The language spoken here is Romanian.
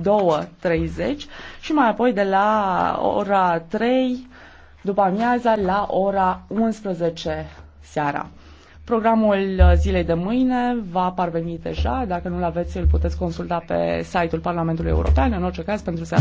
2.30 și mai apoi de la ora 3 după amiaza la ora 11 seara. Programul zilei de mâine va parveni deja, dacă nu-l aveți, îl puteți consulta pe site-ul Parlamentului European, în orice caz pentru seara.